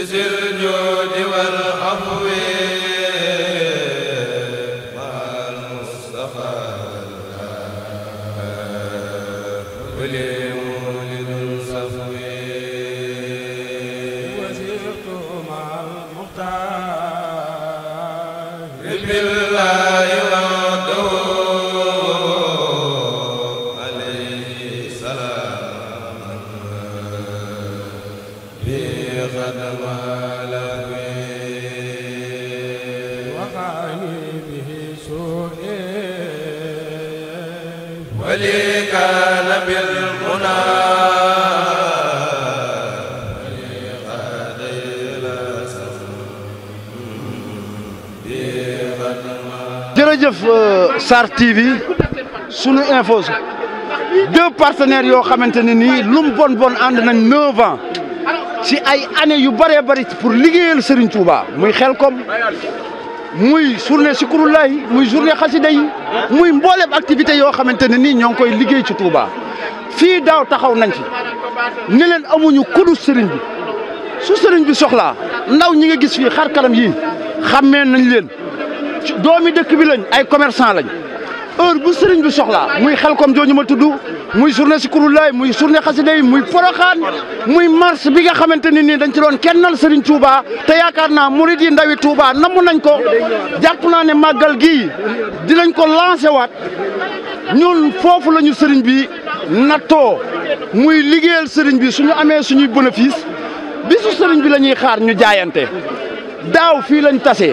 Is it jërëjëf euh, Sarr TV sunu infos deux partenaires yoo xamante ne nii lum bon bon ànd nañ neuf ans ci ay années yu bëree bari pour liggéeyal Serigne Touba muy xel kom muy journée Sikrullaay muy journée xasida yi muy mbooleem activité yoo xamante ne nii ñoo ngi koy liggéey ci Touba fii daaw taxaw nañ fi ne amuñu kudu sëriñ bi su sëriñ bi soxlaa ndaw ñi nga gis fii xar kanam yii xammee nañ leen doomi dëkk bi lañ ay commerçant lañ heure bu sëriñ bi soxlaa muy xel kom jooju ma tudd muy journée Sikuru Laay muy journée xasida yi muy poroxaan muy marche bi nga xamante ni nii dañu ci doon kennal sëriñ Touba te yaakaar naa murid yi ndawi Touba namm nañ ko jàpp naa ne màggal gii dinañ ko lancé waat ñun foofu la ñu sëriñ bi nattoo muy liggéeyal sëriñ bi suñu amee suñuy bi bisu sëriñ bi la ñuy xaar ñu jaayante daaw fii lañ tase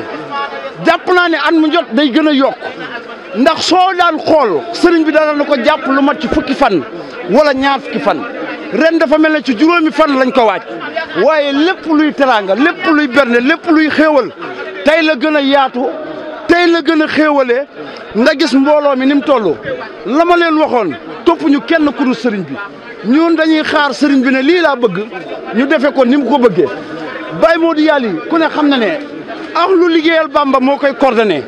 jàpp naa ne at mu jot day gën a yokk ndax soo daan xool sëriñ bi daan na ko jàpp lu mat ci fukki fan wala ñaar fukki fan ren dafa mel ne ci juróomi fan lañ ko waaj waaye lépp luy teraanga lépp luy bernde lépp luy xéewal tey la gën a yaatu tey la gën a xéewalee nga gis mbooloo mi ni mu la ma leen waxoon topp ñu kenn ku dul sëriñ bi ñun dañuy xaar sëriñ bi ne lii laa bëgg ñu defe ko ni mu ko bëggee moo Modou Yali ku ne xam na ne ak lu liggéeyal Bamba moo koy coordonné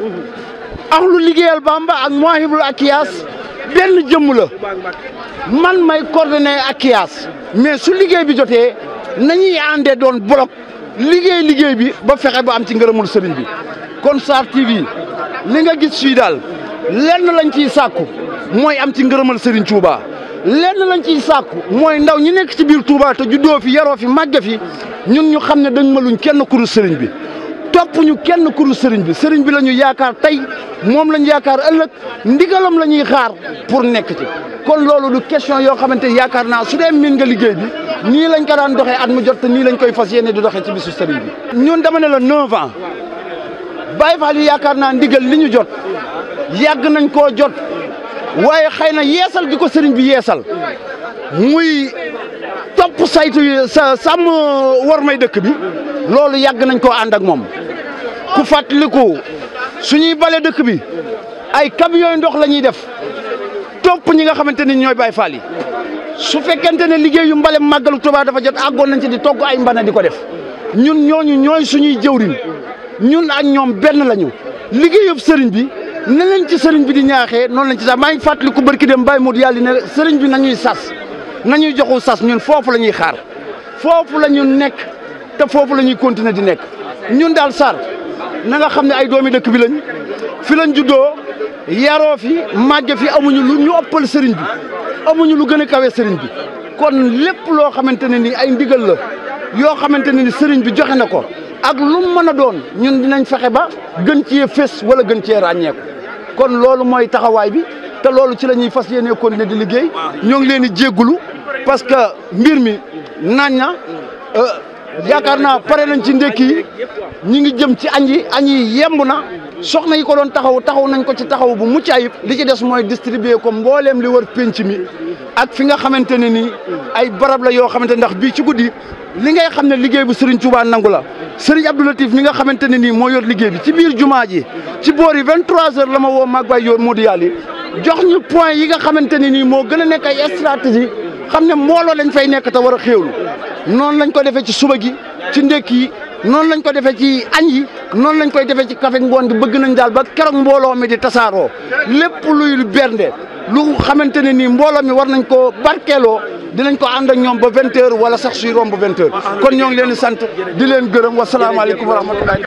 ak lu liggéeyal Bamba ak Mawahibul Akyaas benn jëmm la man may coordonné Akyaas mais su liggéey bi jotee nañuy àndee doon bloc liggéey liggéey bi ba fexe ba am ci ngërëmul sëriñ bi kon Sarr TV li nga gis fii daal lenn lañ ciy sàkku mooy am ci ngërëmal sëriñ Touba lenn lañ ciy sàkku mooy ndaw ñi nekk ci biir Touba te juddoo fi yaroo fi màgge fi ñun ñu xam ne dañu ma luñ kenn kuru sëriñ bi topp ñu kenn ku dul bi sëriñ bi la ñu yaakaar tey moom la ñu yaakaar ëllëg ndigalam la ñuy xaar pour nekk ci kon loolu du question yoo xamante ni yaakaar naa su dee miin nga liggéey bi nii lañ ko daan doxee at mu jot te nii lañ koy fas yéene di doxee ci bisu sëriñ bi. ñun dama ne la 9 ans Baye Fall yaakaar naa ndigal li ñu jot yàgg nañ koo jot waaye xëy na yeesal gi ko sëriñ bi yeesal muy topp saytu yi sa sàmm war may dëkk bi loolu yàgg nañ ko ànd ak moom. ku fàttaliku suñuy bale dëkk bi ay camions yu ndox la ñuy def topp ñi nga xamante ni ñooy Baay Faal yi su fekkente ne liggéeyu mbale màggalu Tuubaa dafa jot àggoon nañ ci di togg ay mbana di ko def ñun ñooñu ñooy suñuy jëwriñ ñun ak ñoom benn lañu liggéeyub sëriñ bi na leen ci sëriñ bi di ñaaxee noonu lañ ci sax maa ngi fàttaliku barki dem Baye Modou yàlla ne sëriñ bi nañuy sas nañuy joxu sas ñun foofu la ñuy xaar foofu la ñu nekk te foofu la ñuy continuer di nekk ñun daal Sarr na nga xam ne ay doomi dëkk bi lañ fi lañ juddoo yaroo fi màgge fi amuñu lu ñu ëppal sëriñ bi amuñu lu gën a kawe sëriñ bi kon lépp loo xamante ne ni ay ndigal la yoo xamante ne ni sëriñ bi joxe na ko ak lu mën a doon ñun dinañ fexe ba gën cee fës wala gën cee ràññeeku kon loolu mooy taxawaay bi te loolu ci la ñuy fas yéene continuer di liggéey ñoo ngi leen di jéggulu parce que mbir mi naan na euh, yaakaar naa pare nañ ci ndékki yi ñi ngi jëm ci añ yi añ yi yemb na soxna yi ko doon taxaw taxaw nañ ko ci taxaw bu mucc ayib li ci des mooy distribuer ko mbooleem li wër ci mi ak fi nga xamante ne nii ay barab la yoo xamante ndax bii ci guddi li ngay xam ne liggéey bu Serigne Touba nangu la Serigne Abdou Latif mi nga xamante ne nii moo yor liggéey bi ci biir jumaa ji ci boor yi 23h la ma woo Maguette Dior Modou Yali jox ñu point yi nga xamante ni nii moo gën a nekk ay stratégie xam ne mbooloo lañ fay nekk te war a xéewlu noonu lañ ko defee ci suba gi ci ndekki yi noonu lañ ko defee ci añ yi noonu lañ koy defee ci café ngoon gi bëgg nañ daal ba keroog mbooloo mi di tasaaroo lépp luy bernde lu xamante ne nii mbooloo mi war nañ ko barkeeloo dinañ ko ànd ak ñoom ba vingt heures wala sax suy romb kon ñoo ngi leen di sant di leen gërëm wasalaamaaleykum wa rahmatullahi